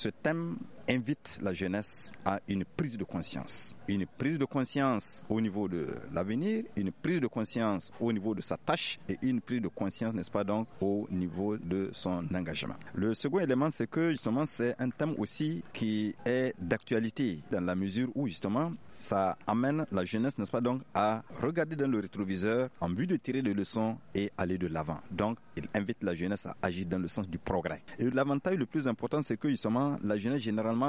ce thème invite la jeunesse à une prise de conscience. Une prise de conscience au niveau de l'avenir, une prise de conscience au niveau de sa tâche et une prise de conscience, n'est-ce pas, donc, au niveau de son engagement. Le second élément, c'est que justement, c'est un thème aussi qui est d'actualité dans la mesure où justement, ça amène la jeunesse, n'est-ce pas, donc, à regarder dans le rétroviseur en vue de tirer des leçons et aller de l'avant. Donc, il invite la jeunesse à agir dans le sens du progrès. Et l'avantage le plus important, c'est que justement, la jeunesse généralement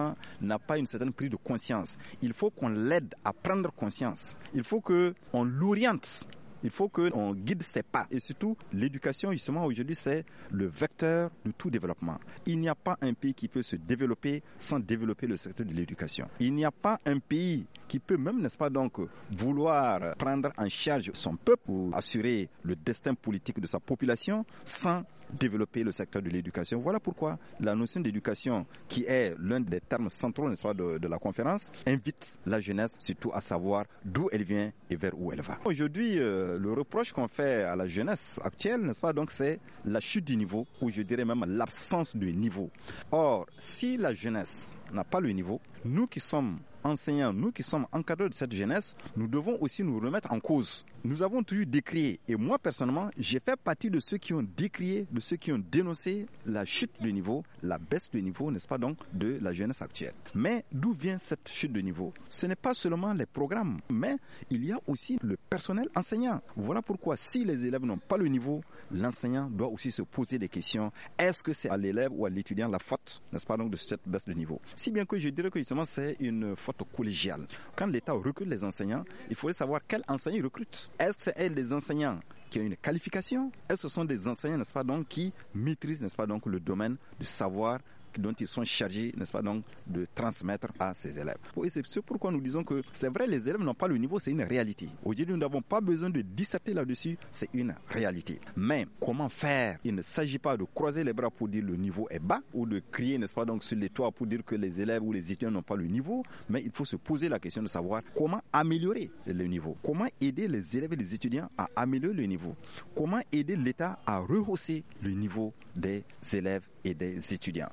n'a pas une certaine prise de conscience. Il faut qu'on l'aide à prendre conscience. Il faut qu'on l'oriente il faut qu'on guide ses pas. Et surtout, l'éducation, justement, aujourd'hui, c'est le vecteur de tout développement. Il n'y a pas un pays qui peut se développer sans développer le secteur de l'éducation. Il n'y a pas un pays qui peut même, n'est-ce pas, donc, vouloir prendre en charge son peuple ou assurer le destin politique de sa population sans développer le secteur de l'éducation. Voilà pourquoi la notion d'éducation, qui est l'un des termes centraux de, de la conférence, invite la jeunesse surtout à savoir d'où elle vient et vers où elle va. Aujourd'hui, euh, le reproche qu'on fait à la jeunesse actuelle, n'est-ce pas, donc c'est la chute du niveau, ou je dirais même l'absence du niveau. Or, si la jeunesse n'a pas le niveau, nous qui sommes enseignants, nous qui sommes encadreurs de cette jeunesse, nous devons aussi nous remettre en cause. Nous avons toujours décrié, et moi personnellement, j'ai fait partie de ceux qui ont décrié, de ceux qui ont dénoncé la chute de niveau, la baisse de niveau, n'est-ce pas donc, de la jeunesse actuelle. Mais d'où vient cette chute de niveau Ce n'est pas seulement les programmes, mais il y a aussi le personnel enseignant. Voilà pourquoi si les élèves n'ont pas le niveau, l'enseignant doit aussi se poser des questions. Est-ce que c'est à l'élève ou à l'étudiant la faute, n'est-ce pas donc, de cette baisse de niveau Si bien que je dirais que justement c'est une faute collégiale. Quand l'État recrute les enseignants, il faudrait savoir quels enseignants ils recrutent. Est-ce que des enseignants qui ont une qualification Est-ce ce sont des enseignants, n'est-ce pas, donc, qui maîtrisent, n'est-ce pas, donc, le domaine du savoir dont ils sont chargés, n'est-ce pas, donc, de transmettre à ces élèves. c'est pourquoi nous disons que c'est vrai, les élèves n'ont pas le niveau, c'est une réalité. Aujourd'hui, nous n'avons pas besoin de disserter là-dessus, c'est une réalité. Mais comment faire Il ne s'agit pas de croiser les bras pour dire le niveau est bas ou de crier, n'est-ce pas, donc, sur les toits pour dire que les élèves ou les étudiants n'ont pas le niveau, mais il faut se poser la question de savoir comment améliorer le niveau, comment aider les élèves et les étudiants à améliorer le niveau, comment aider l'État à rehausser le niveau des élèves et des étudiants.